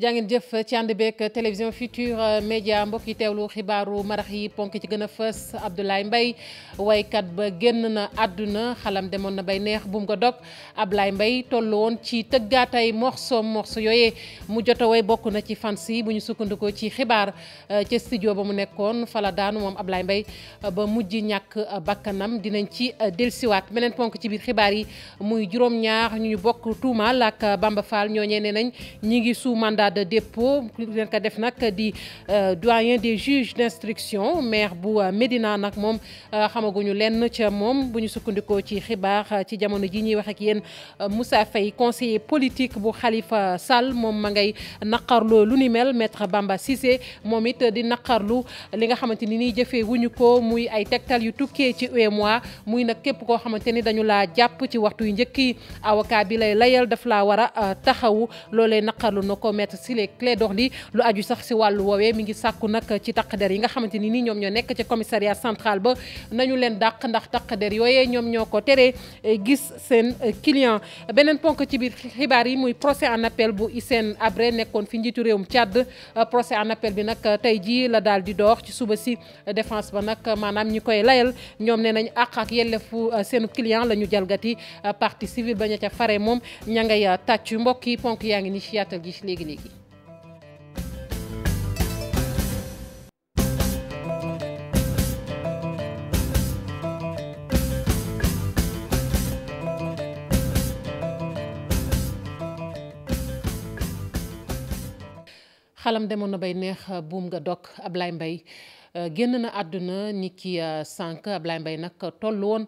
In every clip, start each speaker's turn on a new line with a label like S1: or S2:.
S1: jaa ngeen jëf ci ànd beeg télévision Futurs Médias mbokk yi teewlu xibaaru marax yi ponk ci gën a fës Abdoulaye Mbaye waykat ba génn na àdduna xalam demoon na bay neex bu mu ko dog Abdoulaye Mbaye tollu woon ci tëggaatay morso morso yooyee mu jot woy bokk na ci fans yi bu ñu sukkandikoo ci xibaar euh, ca studio ba mu nekkoon fala daanu moom Abdoulaye mbay euh, ba mujj ñàkk bakkanam dinañ ci euh, dellusiwaat meneen ponk ci biir xibaar yi muy juróom-ñaar ñu bokk tuumaal ak mandat de dépôt ku leen ko def nag di euh, doyen des juges d'instruction maire bu euh, Médina nag moom euh, xamaguñu lenn ca moom bu ñu sukkandikoo ci xibaar ci jamono ji ñuy wax ak yéen Moussa Faye conseiller politique bu Khalifa Sall moom ma ngay naqarlu lu ni mel maître Bamba Cissé moom it di naqarlu li nga xamante ni nii jëfee wuñu ko muy ay tegtal yu tukkee ci UEMOA muy nag képp koo xamante ni dañu la jàpp ci waxtu yu njëkk yi avocat bi lay layal daf laa war a taxawu loolee na dox Clédorli lu aju sax si wàllu woowee mi ngi sàkku nag ci takk der yi nga xamante ni nii ñoom ñoo nekk ci commissariat central ba nañu leen dàq ndax takk der yooyee ñoom ñoo ko teree eh, gis seen eh, client beneen ponk ci biir xibaar yi muy procès en appel bu seen Habré nekkoon fi njiitu réewum Tchad eh, procès en appel bi nag tey jii la daal di door ci suba si défense ba nag maanaam ñi koy layal ñoom nee nañu àq ak yellefu seenu client la ñu jalgati partie civile baña ca fare moom ña ngay tàccu mbokk yi ponk yaa ngi ni ci yaatal gi léegi léegi yaram demoon na bay neex euh, buum nga dog Ablaye Mbaye euh, génn na àdduna nit ki euh, sànq Ablaye Mbaye nag toll woon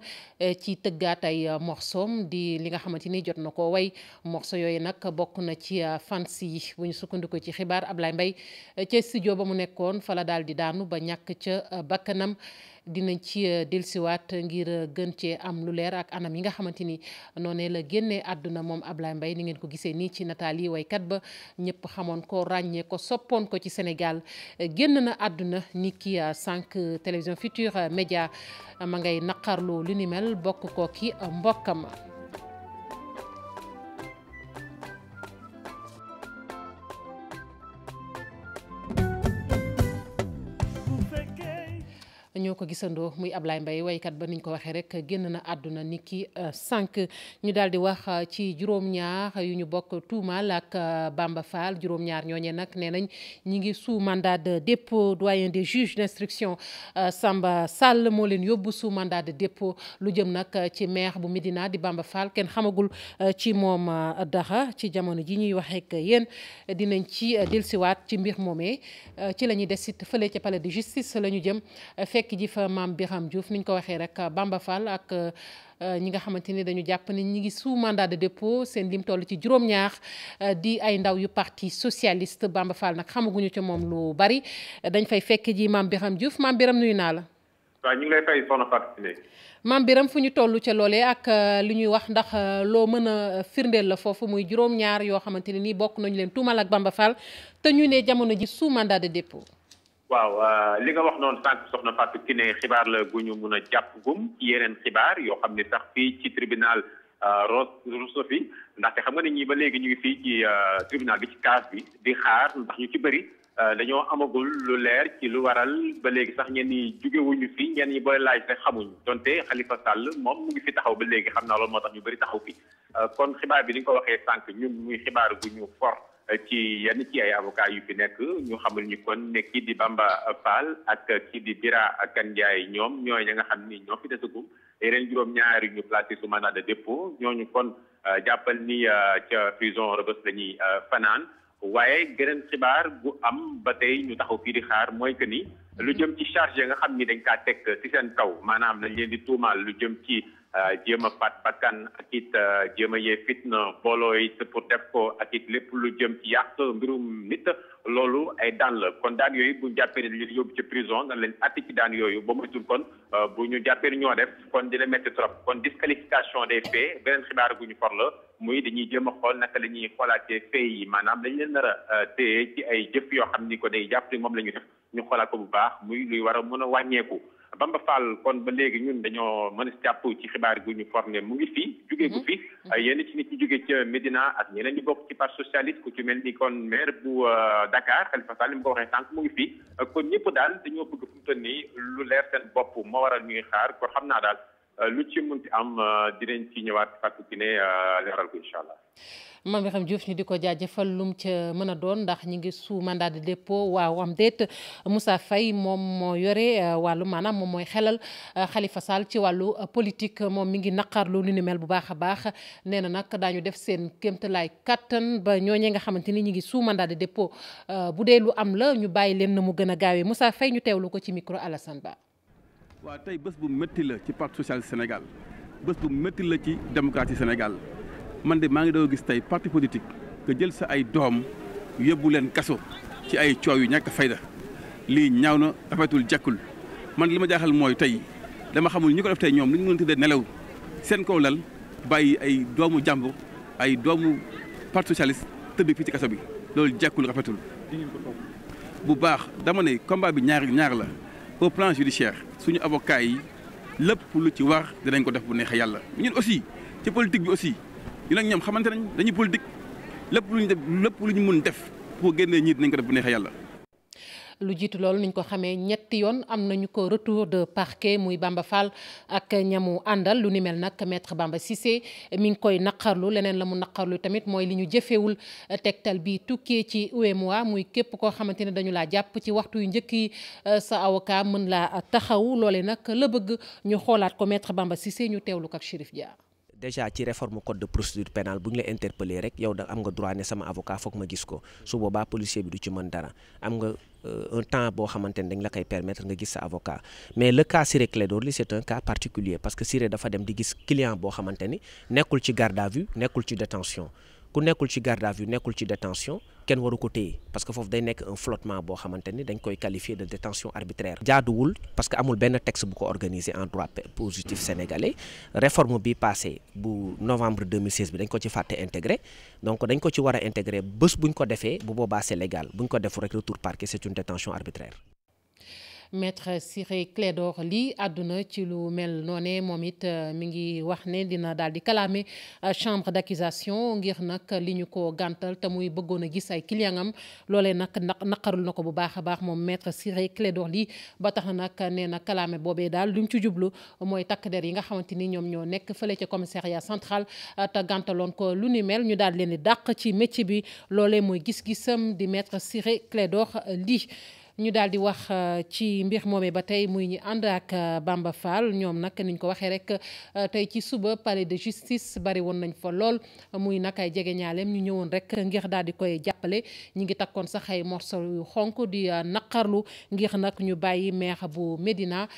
S1: ci tëggaat ay morsoom di li nga xamante ni jot na ko way morso yooyu nag bokk na ci fans yi bu ñu sukkandiku ci xibaar Ablaye Mbaye ca studio ba mu nekkoon fa la daal di daanu ba ñàkk ca bakkanam dinañ ci euh, dellusiwaat ngir euh, gën cee am lu leer ak anam yi nga xamante ni noonee la génne àdduna moom Ablaye Mbaye ni ngeen ko gisee nii ci nataal yi waykat ba ñëpp xamoon ko ràññee ko soppoon ko ci senegal génn na àdduna ni ki euh, sànq télévision Futur Média ma ngay naqarlu lu ni mel bokk ko ki mbokkam ñoo ko gisandoo muy Ablaye Mbaye waykat ba niñ ko waxee rek génn na àdduna ni ki euh, sànq ñu daal di wax euh, ci juróom-ñaar yu ñu bokk tuumaal ak euh, Bamba faal juróom-ñaar ñooñee nag nee nañ ñi ngi sous mandat de dépôt doyen des juges d'instruction Samba Sall moo leen yóbbu sous mandat de dépôt lu jëm nag ci maire bu Médina di Bamba Fall kenn xamagul ci moom dara ci jamono ji ñuy waxee ak yéen dinañ ci dellusiwaat ci mbir moomee ci la des it fële ca palais de ji fa maam Birame Diouf ko waxee Bamba Fall euh, ñi nga xamante ni dañu jàpp ni ñi ngi sous mandat de dépôt seen toll ci juróom-ñaar euh, di ay ndaw yu parti socialiste Bamba Fall nag xamaguñu ci moom lu bari dañ fay fekk ji maam Birame Diouf maam Birame nuyu naa la. maam biram fu ñu toll ci loolee ak euh, li ñuy wax ndax loo mën a firndeel la foofu muy juróom-ñaar yoo xamante ne nii bokk nañu leen tuumal ak Bamba Fall te ñu ne jamono ji sous mandat de dépôt.
S2: waaw euh, li nga wax noonu sànq soxna ki ne xibaar la gu ñu mun a jàpp gum ci yeneen xibaar yoo xam ne sax fii ci tribunal euh, Roussofi ndaxte xam nga ni ñii ba léegi ñu fii ci euh, tribunal bi ci kaas bi di xaar ndax ñu ci bëri dañoo amagul lu leer ci lu waral ba léegi sax ngeen ñi jugewuñu fii ngeen ñi booy laaj rek xamuñu donte Khalifa Sall moom mu ngi fi taxaw ba léegi xam naa loolu moo tax ñu bëri taxaw fii kon xibaar bi ni ko waxee sànq ñun muy xibaar gu ñu fort ci yenn ci ay avocat yu fi nekk ñu xamul ni kon ne kii di Bamba paal ak kii di Bira Kandiaye ñoom ñooy ña nga xam ni ñoo fi desagum yeneen juróom ñaari ñu placé su mandat de dépôt ñooñu kon euh, jàppal ni euh, ca prison Rebeuss la euh, fanaan waaye gëneen xibaar bu am ba tey ñu taxaw fii di xaar mooy que ni lu mhm. jëm ci charge yi nga xam ni dañ kaa teg ci seen kaw maanaam lañ leen di tuumaal lu jëm ci Euh, jéem a faat bakkan ak it euh, jéem a yee fitna booloo it pour def ko ak it lépp lu jëm ci yàq mbirum nit loolu ay daan la kon daan yooyu bu ñu jàppee ne li yóbbu ci prison dañ leen atti ci daan yooyu ba moytul kon euh, bu ñu jàppee ñoo def kon dina métti trop kon disqualification des faits beneen xibaar gu ñu for la muy dañuy jéem a xool naka lañuy ñuy xoolaatee faits yi maanaam dañ leen nar a téye ci ay jëf yoo xam ni ko day jàpp moom la ñu def ñu xoolaat ko bu baax muy luy war a mën a wàññeeku. Bamba Fall kon ba léegi ñun dañoo mën a jàpp ci xibaar gu ñu formé mu ngi fii jugee gu mhm. fi mhm. yenn ci nit ñi jóge ca Médina ak ñeneen ñu bokk ci parti socialiste ku ci mel ni kon maire bu euh, Dakar Khalifa Sall mu ko sànq mu ngi fii kon ñëpp daal dañoo bëgg fu mu lu leer seen bopp moo waral ñuy xaar kon xam naa daal lu ci munti am euh, dinañ ci ñëwaat fàttali
S1: ci euh, di ko jaajëfal lum ca mën a doon ndax ñu ngi sous mandat de dépôt waaw am déet Moussa Faye moom moo yore euh, wàllu maanaam moom mooy xelal xalifa Sall ci wàllu politique moom mi ngi naqarlu lu ni mel bu baax a baax nee na nag daañu def seen kéemtalaay kàttan ba ñoo ñooñee nga xamante ni ñu ngi sous mandat de dépôt bu dee lu am la ñu bàyyi leen na mu gën a gaawee Moussa fey ñu teewlu ko ci micro Alassane Ba.
S3: waa tey bés bu métti la ci parti socialiste senegal bés bu métti la ci démocratie senegal man de maa ngi doon gis tey parti politique nga jël sa ay doom yóbbu leen kaso ci ay coow yu ñàkk fayda lii ñaaw na rafetul jekkul man li ma jaaxal mooy tey dama xamul ñi ko def tey ñoom li ñu mën tuddee nelaw seen kaw lal bàyyi ay doomu jàmbur ay doomu parti socialiste tëdd fii ci kaso bi loolu jàkkul rafetul bu baax dama ne combat bi ñaari ñaar la au plan judiciaire suñu avocat yi lépp lu ci wax dinañ ko def bu neex neexee yàlla ñun aussi ci politique bi aussi ñun ak ñoom xamante nañ dañuy politique lépp lu ñu def lépp lu ñu mun def pour génnee ñii dinañ ko def bu neexee yàlla.
S1: lu jiitu loolu niñ ko xamee ñetti yoon am nañu ko retour de parquet muy Bamba Fall ak ñamu àndal lu ni mel nag maître Bamba Cissé mi ngi koy naqarlu leneen la mu naqarlu tamit mooy li ñu jëfewul tegtal bi tukkee ci UEMOA muy képp koo xamante ne dañu laa jàpp ci waxtu yu njëkk yi euh, sa avocat mën laa taxaw loole nag la bëgg ñu xoolaat ko maître Bamba Cissé ñu teewlu ko ak Chérif Dia.
S4: déjà ci réforme code de procédure pénale bu ñu la interpeller rek yow da am nga droit ne sama avocat foog ma gis ko su boobaa policier bi du ci mën dara am nga euh, un temps boo xamante ne dañ la koy permettre nga gis sa avocat mais le cas Ciré Clédor Ly c'est un cas particulier parce que Ciré dafa dem di gis client boo xamante ni nekkul ci garde à vue nekkul ci détention ku nekkul ci garde à vue nekkul ci détention kenn waru ko téye parce que foofu day nekk un flottement boo xamante ni dañ koy qualifier de détention arbitraire jaaduwul parce que amul benn texte bu ko organisé en droit positif sénégalais réforme bi passé bu novembre 2016 bi dañ ko ci fàtte intégré donc dañ ko ci war a intégré bés buñ ko defee bu boobaa c'est légal buñ ko defu rek retour parquet c'est une détention arbitraire
S1: maître Ciré Clédor lii àdduna ci lu mel noone moom it euh, mi ngi wax ne dina daal di kalaame euh, chambre d'accusation ngir nag li ñu ko gàntal te muy bëggoon a gis ay client am loolee nag naqarul na ko bu baax a baax moom maître Ciré Clédor Ly ba tax nag nee na kalaame boobee daal lu mu ci jublu mooy takk der yi nga xamante ni ñoom ñoo nekk fële ca commissariat central euh, te gàntaloon ko lu ni mel ñu daal leen di dàq ci métier bi loole mooy gis-gisam di maître Ciré Clédor Ly ñu daal di wax euh, ci mbir moome ba tey muy ñi ànd ak euh, Bamba Fall ñoom nag niñ ko waxee rek euh, tey ci suba palais de justice bari woon nañ fa lool muy nag ay jege ñaaleem ñu ñëwoon rek ngir daal di koy jàppale ñi ngi takkoon sax ay morso yu xonk di naqarlu ngir nag ñu bàyyi maire bu Médina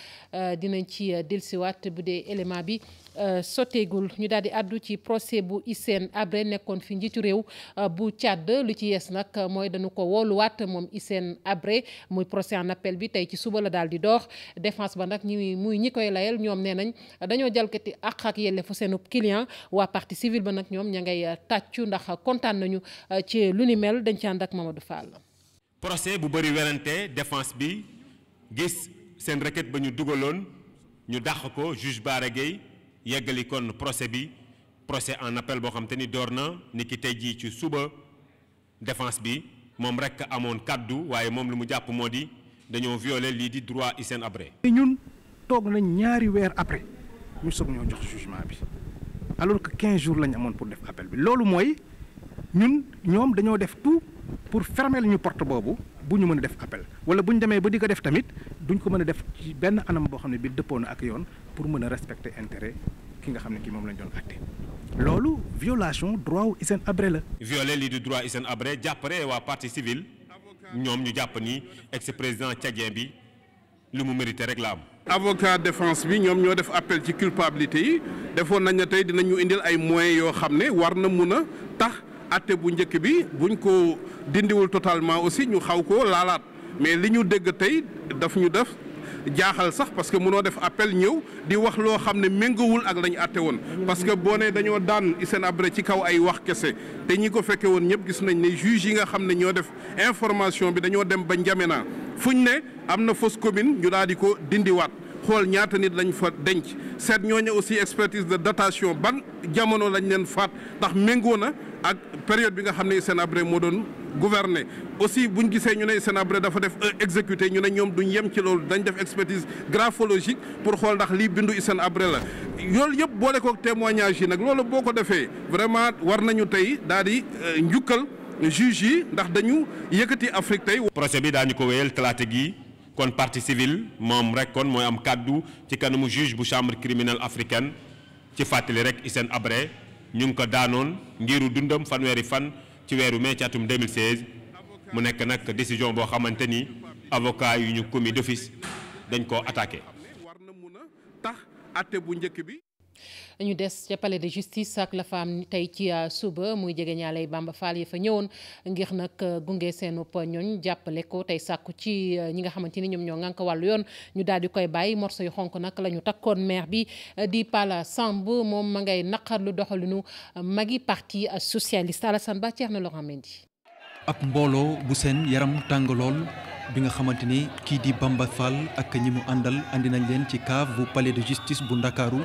S1: dinañ ci dellusiwaat bu dee élément bi Euh, sotteegul ñu daal di àddu ci procès bu Hissène Habré nekkoon fi njiitu réew euh, bu càdd lu ci yees nag mooy dañu ko wooluwaat moom Hissène Habré muy procès en bi tey ci suba la daal di dox défense ba nag ñi muy ñi koy layal ñoom nee nañ dañoo jalkati ak ak yelleefu seenu client waa parti civile ba nag ñoom ña ngay euh, tàccu ndax kontaan nañu ci lu ni mel dañ ci ànd ak Mamadou Fall.
S5: procès bu bëri werante défense bi gis seen requête ba ñu dugaloon ñu dàq ko juge yeggali kon procès bi procès en appel boo xam te ni door na ni ki tey jii ci suba défense bi moom rek amoon kàddu waaye moom lu mu jàpp moo di dañoo violer lii di droit Hissène Habré
S3: ñun toog nañ ñaari weer après ñu soog ñoo jox jugement bi alors que quinze jours lañ amoon pour def appel bi loolu mooy ñun ñoom dañoo def tout pour fermer ñu porte boobu. bu ñu mën a def appel wala bu ñu demee ba di ko def tamit duñ ko mën a def ci benn anam boo xam ne bi dëppoo ak yoon pour mën a respecter
S5: ki nga xam ne kii moom lañ doon acté loolu
S3: violation droit wu Hissène Habré la.
S5: violé lii di droit Hissène Habré jàppale waa parti civile ñoom ñu jàpp nii ex président tchadien bi lu mu mérité rek la am. avocat défense bi ñoom ñoo def appel ci culpabilité
S6: yi defoon nañ ne tey dinañu indil ay moyens yoo xam ne war na mun a tax. atte bu njëkk bi buñ ko dindiwul totalement aussi ñu xaw ko laalaat mais li ñu dégg tey daf ñu def jaaxal sax parce que mënoo def appel ñëw di wax loo xam ne méngawul ak lañu àtte woon parce que boo ne dañoo daan Hissène Habré ci kaw ay wax kese te ñi ko fekke woon ñëpp gis nañ ne juge yi nga xam ne ñoo def information bi dañoo dem ba N'Djamena fuñ ne am na fausse commune ñu daal di ko dindiwaat xool ñaata nit lañ fa denc seet ñooñu aussi expertise de datation ban jamono lañ leen faat ndax méngoo na période bi nga xam ne Hissène-Habré moo doon gouverner aussi buñ gisee ñu ne hissène abre dafa def euh, exécuté ñu ne ñoom duñ yem ci loolu dañ def expertise graphologique pour xool ndax lii bindu Hissène-Habré la loolu yëpp boole kook témoignage yi nag loolu boo ko defee vraiment war nañu tey daal di euh,
S5: njukkal juge yi ndax dañu yëkkati Afrique tey. procès bi daañu ko wéyal talaate gi kon partie civile moom rek kon mooy am kàddu ci kanamu juge bu chambre criminelle africaine ci fàttali rek Hissène-Habré ñu ngi ko daanoon ngiru dundam fanweeri fan ci weeru mai ci atum mu nekk nag décision boo xamante ni avocat yu ñu commis d'office dañ koo attaqué. war na mun a tax atte bu njëkk bi.
S1: ñu des ca palais de justice ak la fa am tey ci euh, suba muy jege ñaaley Bamba Fall ya fa ñëwoon ngir nag euh, gunge seen upp ñooñ jàppale ko tey sàkku ci euh, ñi nga xamante ni ñoom ñoo ngànk wàllu yoon ñu daal di koy bàyyi morso yu xonk nag la ñu takkoon maire bi di Pala Samb moom ma ngay naqar lu doxalinu magi parti socialiste Alassane Ba Thierno Laurent Mendy
S6: ab mbooloo bu seen yaram tàng lool bi nga xamante ni kii di Bamba Fall ak ñi mu àndal andi nañ leen ci cave bu bu Ndakaaru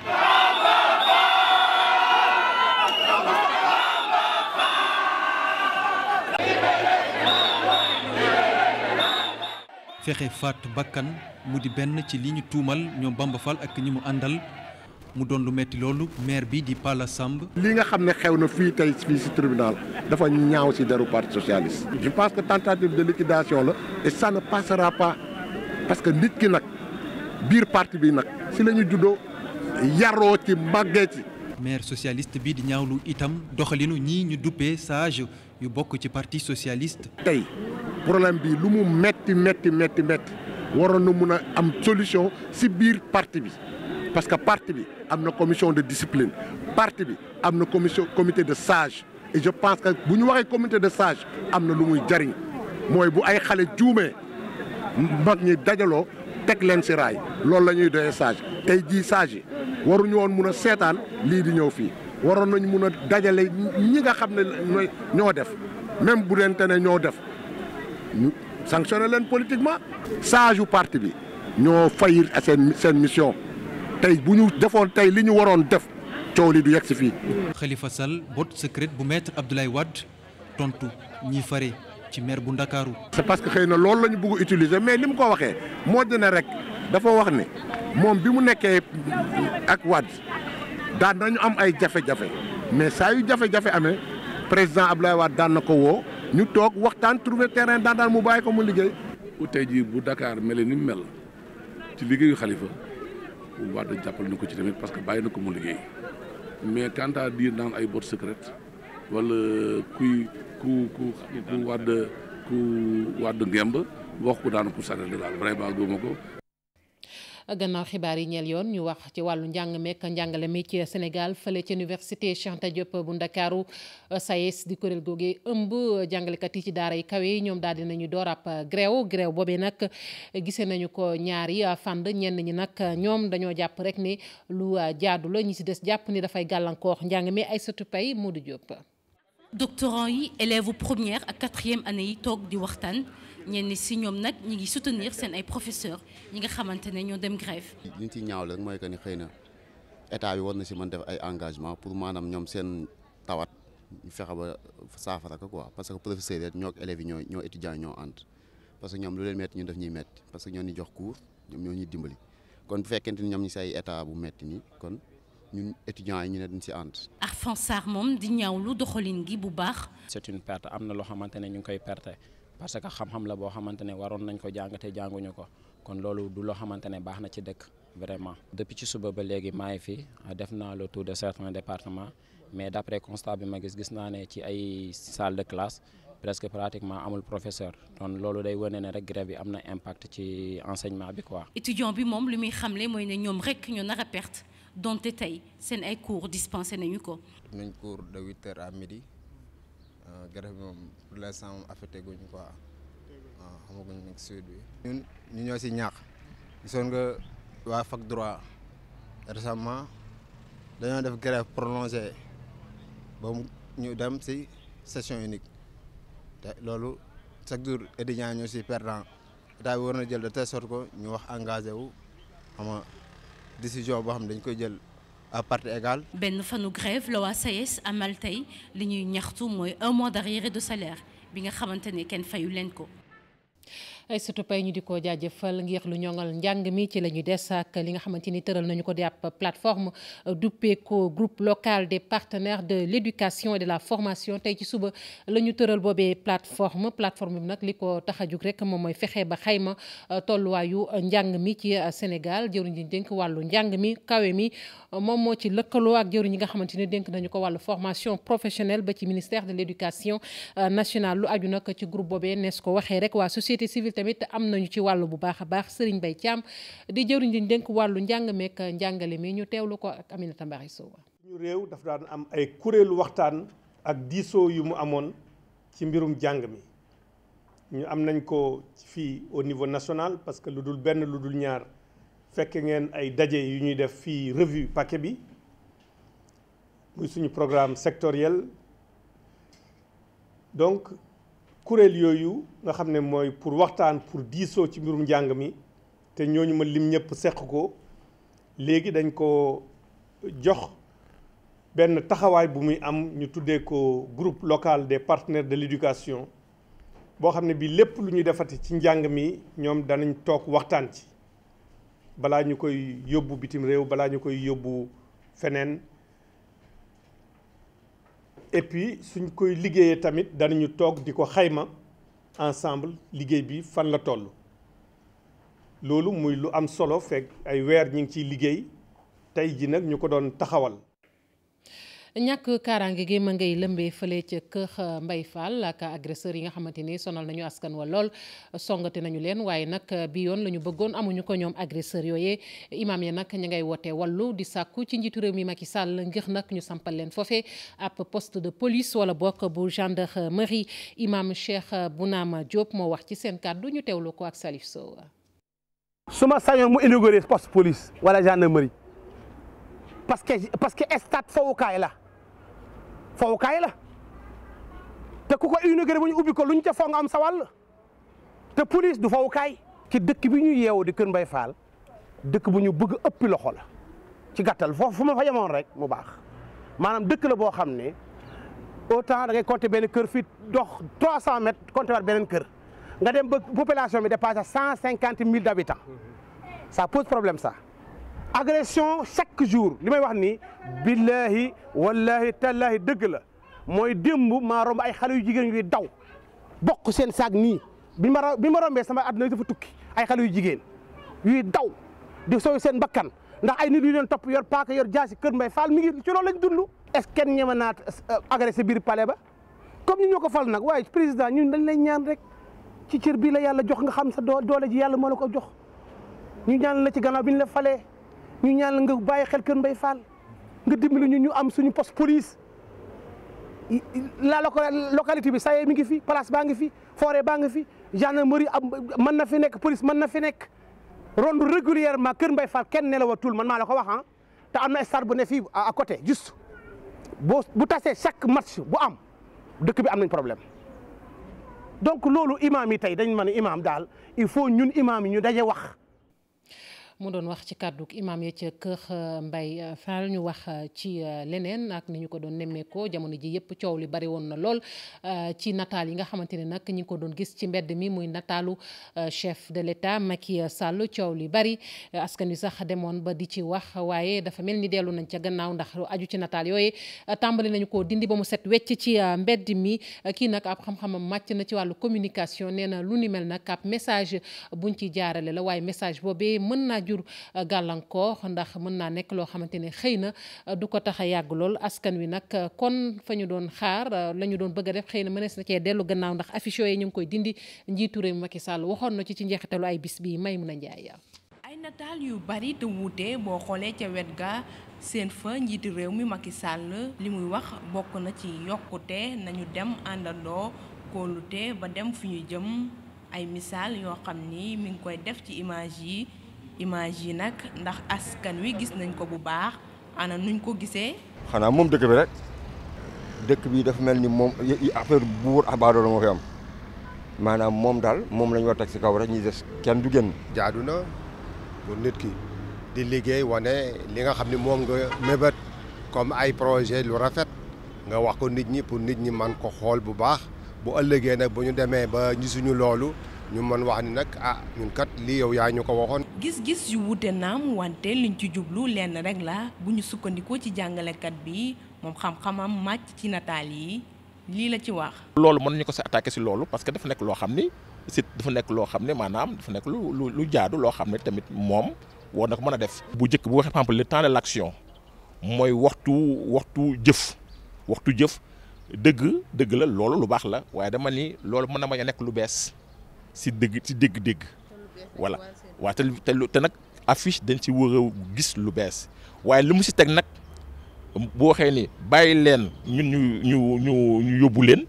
S6: fexe faat bakkan mu di benn ci li ñu tuumal ñoom Bamba Fall ak ñi mu àndal mu doon lu metti loolu maire bi di Pala Samb.
S4: li nga xam ne xew na fii tey fii si tribunal dafa ñaaw si daru parti socialiste. je pense que tentative de liquidation la et ça ne passera parce que nit ki nag biir partie bi nag si lañu ñu juddoo yaroo ci màggee ci. maire socialiste bi di ñaaw lu itam doxalinu ñi ñu duppee sage yu bokk ci partie socialiste. tey problème bii lu mu metti metti metti metti waroon na mun a am solution si biir parti bi parce que parti bi am na commission de discipline parti bi am na commission comité de sage et je pense que bu ñu waxee comité de sage am na lu muy jariñ mooy bu ay xale juumee mag ñi dajaloo teg leen si raay loolu la ñuy doyee sage tey jii sage yi waruñu woon mun a seetaan lii di ñëw fii waroon nañu mun a dajale ñi nga xam ne ñoo def même bu dente ne ñoo def ñu sanctionné leen politiquement sage yu parti bi ñoo fayir seen seen mission tey bu ñu defoon tey li ñu waroon def coow li du yegg si fii.
S6: Khalifa Sall botte secrète bu maître Abdoulaye Wade
S4: tontu ñi fare ci maire bu Ndakaaru. c'est parce que xëy na loolu la ñu bëgg utiliser mais ni mu ko waxee moo dina rek dafa wax ne moom bi mu nekkee ak Wade daan nañu am ay jafe-jafe mais saa yu jafe-jafe amee président Abdoulaye Wade daan na ko woo. ñu toog waxtaan trouver terrain daandaan mu bàyyi ko mu liggéey. tey jii bu dakaar
S7: mel ni mu mel ci liggéeyu xalifa waa da jàppale na ko ci tamit parce que bàyyi na ko mu liggéey mais quant à dire ay bot secrètes wala kuy ku ku ku wàdd ku wàdd ngemb wax ko daanu ko sànni daal
S8: vraiment góoma ko.
S1: gannaaw xibaar yi ñeel yoon ñu wax ci wàllu njàng mekk njàngale mi ci Sénégal fële ci université Cheikh Anta bu Ndakaaru SAES di kuréel googu ëmb jàngalekat yi ci daara yi kawe yi ñoom daal di nañu door ab grève grève boobee nag gise nañu ko ñaari fànd ñenn ñi nag ñoom dañoo jàpp rek ni lu jaadu la ñi si des jàpp ni dafay gàllankoor njàng mi ay sëtu pay Modou Diop.
S9: doctorant yi élèves première ak quatrième année yi toog di waxtaan. ñenn si ñoom nag ñi ngi soutenir seen ay professeurs ñi nga xamante ne ñoo dem grève.
S4: li ñu ciy ñaawle rek mooy que ni xëy na état bi war na si man def ay engagement pour maanaam ñoom seen tawat ñu fexe ba saafara ko quoi parce que professeurs yi ñoo ak élèves yi ñoo ñoo étudiants yi ñoo ànd parce que ñoom lu leen métti ñun daf ñuy métti parce que ñoo ñu jox cours ñoom ñoo ñuy dimbali kon bu fekkente ni ñoom ñu si ay état bu metti nii kon.
S5: ñu étudiants yi ñu ne dañ si ànd.
S9: Arfan Sarr moom di ñaawlu doxalin gi bu baax.
S5: c'est une am na loo xamante ne ñu ngi koy perte. parce que xam-xam la boo xamante ne waroon nañ ko jàng te jànguñu ko kon loolu du loo xamante ne baax na ci dëkk vraiment. depuis ci suba ba léegi maa ngi fi def naa le tour de certains départements mais d' après bi ma gis gis naa ne ci ay salle de classe presque pratiquement amul professeur kon loolu day wane ne rek grève yi am na impact ci enseignement bi quoi.
S9: étudiant bi moom li muy xam xamle mooy ne ñoom rekk ñu nar a perte donte tey seen ay cours dispensé nañu ko.
S5: nañ cours de à midi. Euh, grève bi moom pour l'instant moom affecté guñ quoi waaw xamaguñ nag bi. ñun ñu ñoo si ñaax gisoon nga waa fac droit récemment dañoo def grève prolongée ba ñu dem si session unique te loolu chaque jour étudiants ñu si perdant état bi war jël de telle sorte que ñu wax engagé wu décision boo xam dañ koy jël. à part égale.
S9: benn fanu grève la waa SAES amal tey li ñuy ñaxtu mooy un mois d'arriéré de salaire bi nga xamante ne kenn fayu leen ko.
S1: ay sutu pay ñu di ko jaajëfal ngir lu ñoŋal njàng mi ci la ñu des ak li nga xamante ni tëral nañu ko di ab plateforme duppeeko groupe local de partenaires de l'éducation de la formation tey ci suba lañu tëral boobee plateforme plateforme bi nag li ko tax a jug rek moom mooy fexe ba ma euh, tolluwaayu njàng mi ci euh, Sénégal jëwriñ ji dénk wàllu njàng mi kawe mi euh, moom moo ci lëkkaloo ak jëwriñ ñi nga xamante ni dénk nañu ko wàllu formation professionnelle ba ci ministère de l'éducation nationale lu aju nag ci groupe boobee ko waxee tamit am nañu ci wàllu bu baax a baax sëriñ bay Thiam di jëriñ di dénk wàllu njàng meek njàngale mi ñu teewlu ko ak Aminata Mbaye Sow.
S10: ñu réew dafa daan am ay kuréelu waxtaan ak diisoo yu mu amoon ci mbirum jàng mi ñu am nañ ko fii au niveau national parce que lu dul benn lu dul ñaar fekk ngeen ay daje yu ñuy def fii revue paquet bi muy suñu programme sectoriel donc kuréel yooyu nga xam ne mooy pour waxtaan pour diisoo ci mbirum njàng mi te ñooñu ma lim ñëpp seq ko léegi dañ ko jox benn taxawaay bu muy am ñu tuddee ko groupe locale des partenaires de l'éducation boo xam ne bii lépp lu ñuy defati ci njàng mi ñoom danañ toog waxtaan ci balaa ñu koy yóbbu bitim réew balaa ñu koy yóbbu feneen et puis suñ koy liggéeyee tamit danañu toog di ko xayma ensemble liggéey bi fan la toll loolu muy lu am solo fekk ay weer ñu ngi ciy liggéey tey ji nag ñu ko doon taxawal
S1: ñàkk kaaraange gi ma ngay lëmbee fële ca kër euh, Mbay Fall ak agresseur yi nga xamante ni sonal nañu askan wa lool songate nañu leen waaye nag euh, bi yoon la ñu bëggoon amuñu ko ñoom agresseur yooyee imaam ya nag ñu ngay woote wallu di sàkku ci njiitu réew mi Macky Sall ngir nag ñu sampal leen foofee ab poste de police wala bokk bu gendarmerie bu Cheikh euh, Bounama Diop moo wax ci seen kàddu ñu teewlu ko ak Salif Sow
S3: parce que parce que stade kaay la fowukaay la te ku ko inauguré bu ñu ubbi ko luñ ca foog am sa te police du fowukaay ci dëkk bi ñu yeewu di Kër Mbaye Fall dëkk bu ñu bugg ëpp loxo la ci gàttal foofu fu ma fa yemoon rek mu baax maanaam dëkk la boo xam ne autant da ngay compter benn kër fii dox 300 mètres compter waat beneen kër nga dem ba population bi dépasse cent cinquante mille d' habitants ça pose problème sax agression chaque jour li may wax nii billahi wallahi tallahi dëgg la mooy démb maa romb ay xale yu jigéen yuy daw bokk seen saag nii bi ma bi ma rombee sama àdduna dafa tukki ay xale yu jigéen yuy daw di sooy seen bakkan ndax ay nit yu leen topp yor paaka yor jaasi kër mbay faal mi ngi ci loolu lañ dund est-ce que kenn ñeme naat euh, agressé biir pale ba comme ñu ñoo ko fal nag waaye président ñun dañ lay ñaan rek ci cër bii la yàlla jox nga xam sa doole ji yàlla moo la ko jox ñu ñaan la ci gannaaw bi ñu falee ñu ñaan la nga bàyyi xel Kër mbay Fall nga dimbali ñu ñu am suñu poste police la localité bi saye mi ngi fi place baa ngi fi forêt baa ngi fi gendarmerie am mën na fi nekk police mën na fi nekk ronde régulièrement Kër mbay Fall kenn nelawatul man maa la ko wax ah te am na stade bu ne fii à côté juste boo bu tasee chaque match bu am dëkk bi am nañ problème donc loolu imaam yi tey dañ mën a imaam daal il faut ñun imaam yi ñu daje
S1: wax mu doon wax ci kàddu imaam ya ca kër euh, Mbaye euh, Fall ñu wax euh, ci leneen ak ni ñu ko doon nemmeekoo jamono ji yëpp coow li bari woon na lool ci nataal yi nga xamante ne nag ñi ko doon gis ci mbedd mi muy nataalu chef de l'État Macky Sall coow li bari askan wi sax demoon ba di ci wax waaye dafa mel ni dellu nañ ca gannaaw ndax aju ci nataal yooyu tàmbali nañu ko dindi ba mu set wecc ci mbedd mi kii nag ab xam-xamam màcc na ci wàllu communication nee na lu ni mel nag ab message buñ ci jaarale la waaye message boobee mën naa jur euh, gàllankoor ndax mën naa nekk loo xamante ne xëy na euh, du ko tax a yàgg lool askan wi nag euh, kon fa ñu doon xaar la ñu doon bëgg a def xëy na mënees na cee dellu gannaaw ndax affiche yooyu ñu ngi koy dindi njiitu réew mi Macky Sall waxoon na ci ci njeexitalu bis bii may mën a njaay
S9: ay nataal yu bari te wuute boo xoolee ca wet ga seen fa njiitu réew mi Macky Sall li muy wax bokk na ci yokkute nañu dem àndandoo kóolute ba dem fu ñu jëm ay misaal yoo xam ni mi ngi koy def ci image yi image yi nag ndax askan wi gis nañ ko bu baax ana nuñ ko gisee.
S4: xanaa moom dëkk bi rek dëkk bi dafa mel ni moom affaire bu wër abadoo la moo fi am maanaam moom daal moom lañu ñu war teg si kaw rek ñuy des kenn du génn. jaadu na pour nit ki di liggéey wane li nga xam ne moom nga mébét comme ay projet lu rafet nga wax ko nit ñi pour nit ñi man ko xool bu baax bu ëllëgee nag bu ñu demee ba gisuñu loolu. ñu mën wax ni nag ah ñun kat lii yow yaa ñu ko waxoon.
S9: gis-gis yu wuute naam wante liñ ci jublu lenn rek la bu ñu sukkandikoo ci jàngalekat bi moom xam-xamam màcc ci nataal yi lii la ci wax.
S7: loolu mën na ñu ko si attaqué si loolu parce que dafa nekk loo xam ni si dafa nekk loo xam ne maanaam dafa nekk lu lu jaadu loo xam ne tamit moom war na mën a def. bu njëkk bu waxee par exemple temps de mooy waxtu waxtu jëf waxtu jëf dëgg dëgg la loolu lu baax la waaye dama ni loolu mën na ma nekk lu bees. si dégg si dégg-dégg voilà waaw te te nag affiche dañ si war a gis lu bees waaye li mu si teg nag bu waxee ni bàyyi leen ñun ñu ñu ñu ñu yóbbu leen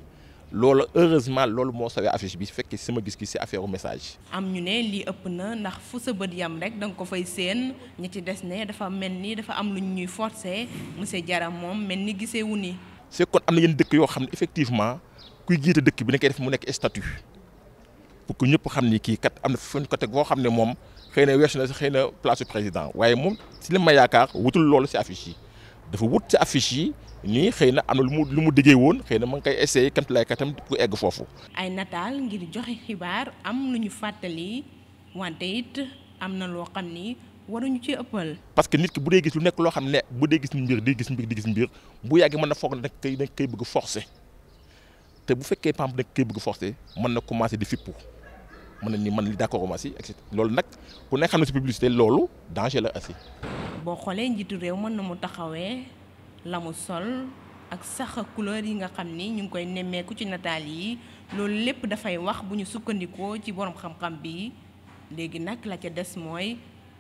S7: loolu heureusement loolu moo sawee affiche bi fekkee sama gis-gis si affaire message.
S9: am ñu ne lii ëpp na ndax fu sa bët yam rek da nga ko fay seen ñi ci des ne dafa mel ni dafa am lu ñuy forcer monsieur jaram moom mel ni gisee wu ni.
S7: c'est kon am na yenn dëkk yoo xam ne effectivement kuy jiite dëkk bi da koy def mu nekk statut. pour que ñëpp xam ni kii kat am na fan ko teg boo xam ne moom xëy na weesu na xëy na place président waaye moom si li ma yaakaar wutul loolu si affiche yi dafa wut si affiche yi nii xëy na am na lu mu lu mu diggee woon xëy na ma ngi koy essayé kamt lay katam pour egg foofu.
S9: ay nataal ngir joxe xibaar am lu ñu fàttali wante it am na loo xam ni waruñu ci ëppal.
S7: parce que nit ki bu dee gis lu nekk loo xam ne bu dee gis mbir di gis mbir di gis mbir bu yàggee mën na foog ne nag kay bëgg forcé te bu fekkee pamp nag kay bëgg mën na commencé di fippu. mën nañ ni man li d'accord ma si loolu nag ku ne xam ne si publicité loolu danger la aussi.
S9: boo xoolee njiitu réew mën na mu taxawee la mu sol ak sax couleur yi nga xam ni ñu ngi koy nemmeeku ci nataal yi loolu lépp dafay wax bu ñu sukkandikoo ci borom xam-xam bi léegi nag la ca des mooy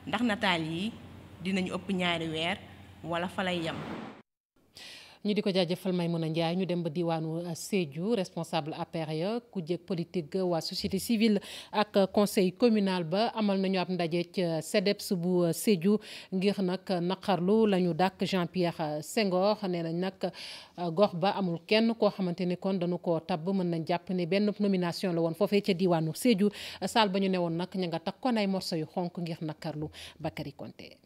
S9: ndax nataal yi dinañu ëpp ñaari weer wala fa lay yem.
S1: ñu di ko jaajëfal a Ndiaye ñu dem ba diwaanu euh, Sédhiou responsable APR ya e, ku jëkk politique waa société civile ak conseil communal ba amal nañu ab ndaje ca euh, CEDEPS bu euh, Sédhiou ngir nag naqarlu la ñu dàkk Jean-Pierre Senghor nee nañ nag gox ba amul kenn koo xamante ni kon dañu koo tabb mën nañ jàpp ni benn nomination la woon foofee ca diwaanu Sédhiou saal ba ñu ne woon nag ña nga takkoon ay morso yu xonk ngir naqarlu Bakary Konté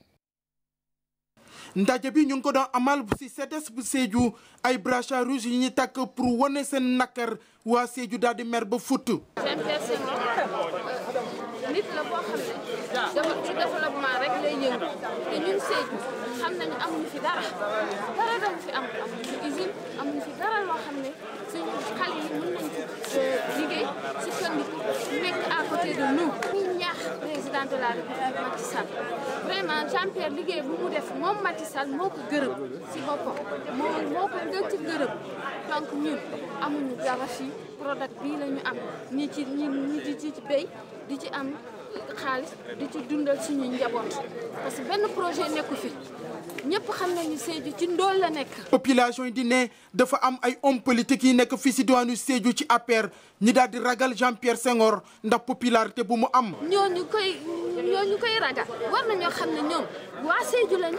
S6: ndaje bi ñu ngi ko doon amal si CEDES bu Sédhiou ay brassards rouges yi ñu takk pour wane seen nakar waa Sédhiou daal di mer ba futt
S11: nit la boo
S9: xam ne dafa ci développement rek lay yëngu
S11: te ñun Sédhiou xam nañu amuñu fi dara dara dañu fi am amuñu usine amuñu fi dara loo xam ne suñu xale yi mën nañu fi euh, liggéey si kër gi nekk à côté de nous. président de la République Macky Sall vraiment Jean Pierre liggéey bu mu def moom Macky Sall moo ko gërëm si boppam moo moo ko ngën ci gërëm donc ñun amuñu dara fii produit bii la ñu am ñi ci ni ñi di ci béy di ci am xaalis di ci dundal si njaboot parce que benn projet nekku fi ñëpp xam nañu Sédhiou ci ndool la nekk.
S6: population yi di ne dafa am ay hommes politiques yi nekk fii si diwaanu Sédhiou ci APR ñi daal di ragal Jean Pierre Senghor ndax popularité bu mu am.
S11: ñooñu koy ñooñu koy ragal war nañoo xam ne ñoom waa Sédhiou lañu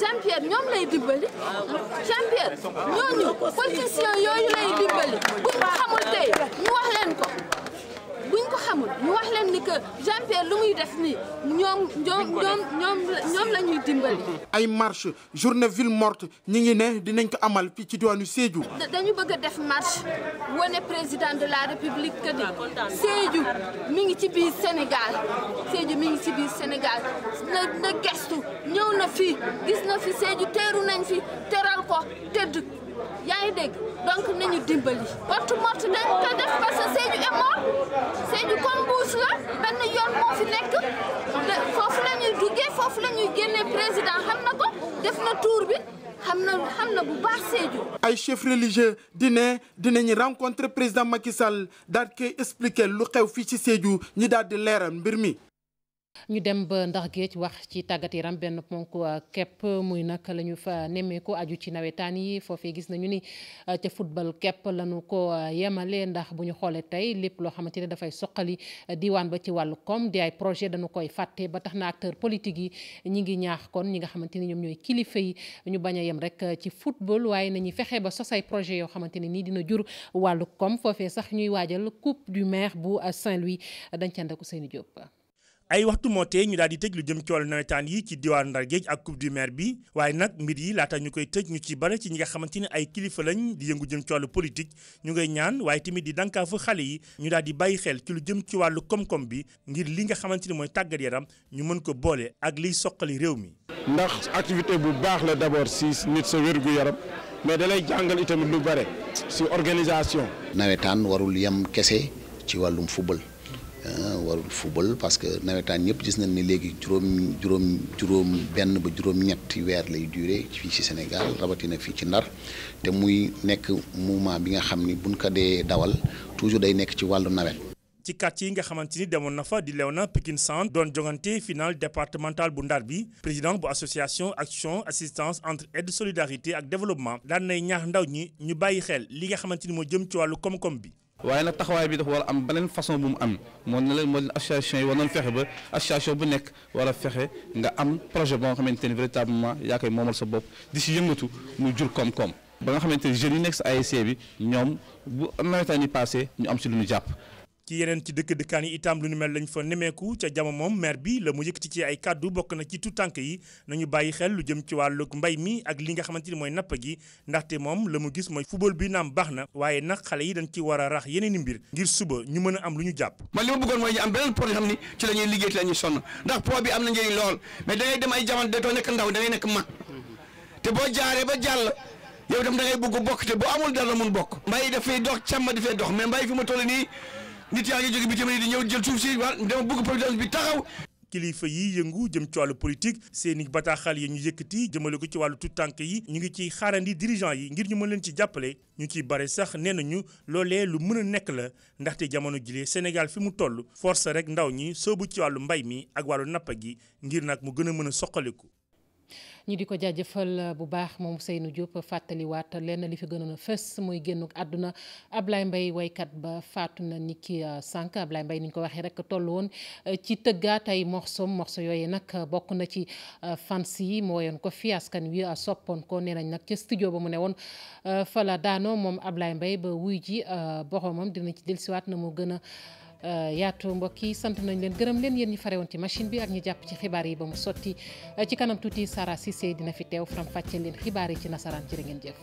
S11: Jean Pierre ñoom lay dimbali
S9: Jean Pierre ñooñu politiciens yooyu lay dimbali bu ñu xamul ñu
S11: wax leen ko. amul wax leen ni que Jean Pierre lu muy def nii ñoom ñoom ñoom ñoom ñoom la ñuy dimbali.
S6: ay marche journée ville morte ñu ngi ne dinañ ko amal fii ci diwaanu Sédhiou.
S11: dañu bëgg a def marche wane président de la république que ni ah, Sédhiou ngi ci biir Sénégal Sédhiou mi ngi ci biir senegal na gestu ñëw na fii gis na fi Sédhiou teeru nañ fi teral ko tëdd. yaa ngi dégg donc nañu dimbali porte morte dañ ko def parce que Sédhiou est mort comme mbuus la benn yoon moo fi nekk foofu la duggee foofu la ñuy président xam na ko def na tour bi xam na bu baax Sédhiou
S6: ay chef religieux dine dinañu rencontrer président Macky Sall koy expliquer lu xew fii ci Sédhiou ñi daal di leeral mbir mi
S1: ñu dem ba ndax géej wax ci tàggat yaram benn ponk euh, kepp muy nag la ñu fa nemmeeku aju ci nawetaan yi foofee gis nañu ni euh, ca football kepp lañu ko euh, yemale ndax bu ñu xoolee tey lépp loo xamante ne dafay soqali diwaan ba ci wàllu kom di ay projet dañu koy fàtte ba tax na acteur politique yi ñi ngi ñaax kon ñi nga xamante ni ñoom ñooy kilifa yi ñu bañ a yem rek ci football waaye nañuy fexe ba sos ay projet yoo xamante ne nii dina jur wàllu koom foofee sax ñuy waajal coupe du maire bu Saint-Louis dañ ca ànd ak Ousseynou Diop ay waxtu
S8: moo tee ñu daal di tëj lu jëm ci wàllu nawetaan yi ci diwaaru Ndar Géej ak coupe du maire bi waaye nag mbir yi laata ñu koy tëj ñu ci bare ci ñi nga xamante ne ay kilifa lañ di yëngu jëm ci wàllu politique ñu ngay ñaan waaye tamit di dankaafu xale yi ñu daal di bàyyi xel ci lu jëm ci wàllu koom-koom bi ngir li nga xamante ni mooy tàggat yaram ñu mën ko boole ak liy soqali réew mi. ndax activité bu baax la d'abord si nit sa wérgu yaram mais dalay jàngal itamit lu bare si organisation.
S4: nawetaan warul yem kese ci wàllum football. warul football parce que nawetaan ñëpp gis nañ ni léegi juróom juróom juróom benn ba juróom ñetti weer lay duré fii ci Sénégal rawatina fii ci Ndar te muy nekk mouvement bi nga xam ni buñ ko dee dawal toujours day nekk ci wàllu nawet.
S8: ci quartier yi nga xamante ni demoon na fa di Léona Pikine Centre doon jongante final départemental bu Ndar bi président bu association action assistance entre aide solidarité ak développement daan nay ñaax ndaw ñi ñu bàyyi xel li nga xamante ni moo jëm ci wàllu koom bi. waaye nag taxawaay bi dafa war a am beneen façon bu mu am moo ne leen moo leen association yi war nañ fexe ba association
S3: bu nekk war a fexe nga am projet ba nga xamante ni véritablement yaa koy moomal sa bopp di si
S8: yëngatu mu jur koom-koom ba nga xamante ni jeunes yi nekk sa ASC bi ñoom bu nawetaan yi passé ñu am si lu ñu jàpp ci yeneen ci dëkk dëkkaan yi itam lu nu mel lañ fa nemeeku ca jamono moom maire bi la mu yëkkati ci ay kàddu bokk na ci tout tànk yi nañu bàyyi xel lu jëm ci wàllug mbay mi ak li nga xamante ni mooy napp gi ndaxte moom la mu gis mooy football bi naam baax na waaye nag xale yi dañ ci war a rax yeneen i mbir ngir suba ñu mën a am lu ñu jàpp man li ma bëggoon mooy ñu am beneen projet xam ni ci la ñuy liggéey ci la ñuy sonn ndax pro bi am na njëriñ lool mais dangay dem ay jamono dootoo nekk te boo
S3: jaaree ba jàll yow dem da ngay bokk te boo amul dara mun bokk mbay dafay dox càmm dafay dox mais
S8: mbay fi ma toll nii nit yaa ngi jóge bitim réew di ñëw jël suuf si waaw dama bëgg présidence kilifa yi yëngu jëm ci wàllu politique seeni bataaxal yi ñu yëkkati jëmale ko ci wàllu tout tànk yi ñu ngi ciy xaarandi dirigeant yi ngir ñu mën leen ci jàppale ñu ciy bare sax nee nañu loolee lu mën a nekk la ndaxte jamono jile Sénégal fi mu toll force rek ndaw ñi soobu ci wàllu mbay mi ak wàllu nappa gi ngir nag mu gën a mën a soqaliku
S1: ñi di ko jaajëfal euh, bu baax moom Seynou Diop fàttaliwaat lenn li fi gënoon fës mooy génnuk àdduna Ablaye Mbaye woykat ba faatu na nit ki euh, sànq Ablaye Mbaye ni ñu ko waxee rek toll woon euh, ci tëggaat ay morsom morso yooyu nag bokk na ci fansi yi moo yoon ko fi askan wi soppoon ko nee nañ nag ca studio ba mu ne woon fala daanoo moom Ablaye Mbaye ba wuy ji boromam dinañ ci dellusiwaat na mu gën a Euh, yaatu mbokk yi sant nañ leen gërëm leen yéen ñi farewoon ci machine bi ak ñi jàpp ci xibaar yi ba mu sotti euh, ci kanam tuuti Sara Cissé dina fi teew faram fàcce leen xibaar yi ci nasaraan jërë ngeen jëf